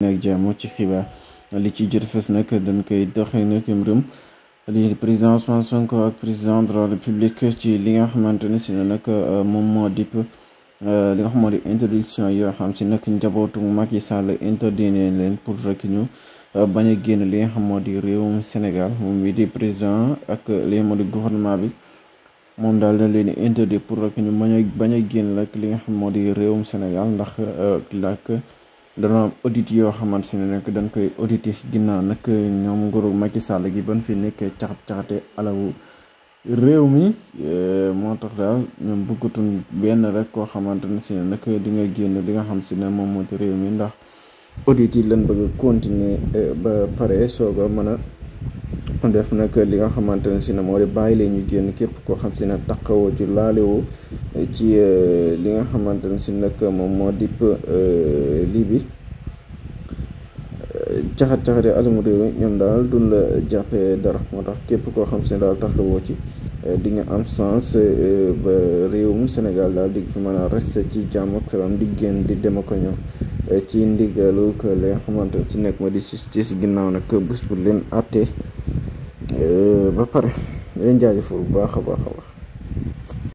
nag jàmm ci xibaar li ci jot fës nag dañ koy doxee nag mbirum li président Ousmane Sonko ak président de la République ci li nga xamante ne si nag euh, moom moo di euh, li nga xam moo di introduction yoo xam si nag njabootu Macky Sall interdit ne leen pour rek ñu euh, bañ a génn li nga xam moo di réewum Sénégal moom wi di président ak li nga xam gouvernement bi moom daal dañ leen interdit pour rek ñu bañ a bañ a génn rek li nga xam moo di réewum Sénégal ndax lakk dana am audit yoo xamante ne nag dañ koy audité ginnaaw nag ñoom nguuru Macky Sall gi ban fi nekkee caxat caxate alawu réew mi euh, moo tax daal ñoom bëggatuñ benn rek koo xamante ne si ne nag di nga génn li nga xam si ne moom moo ci réew mi ndax audit lan lañ bëgg continuer euh, ba pare soog a mën a def nag li nga xamante ne si na moo di bàyyi leen ñu génn képp koo xam si na takkawoo ci laalewoo euh, ci li nga xamante ne si nag moom moo dipp euh, lii bi euh, caxat caxate alamu ñoom daal duñ la dara moo tax képp koo xam si daal takkawoo ci di nga am sens ba réewum Sénégal daal di fi mën a ci jàmm di génn di dem ak ñëw ci ndigalu ko li nga xamante ne si nekk moo di justice ginnaaw nag bés bu leen àttee Eh, ba pare leen jaajëfal bu baax a baax a baax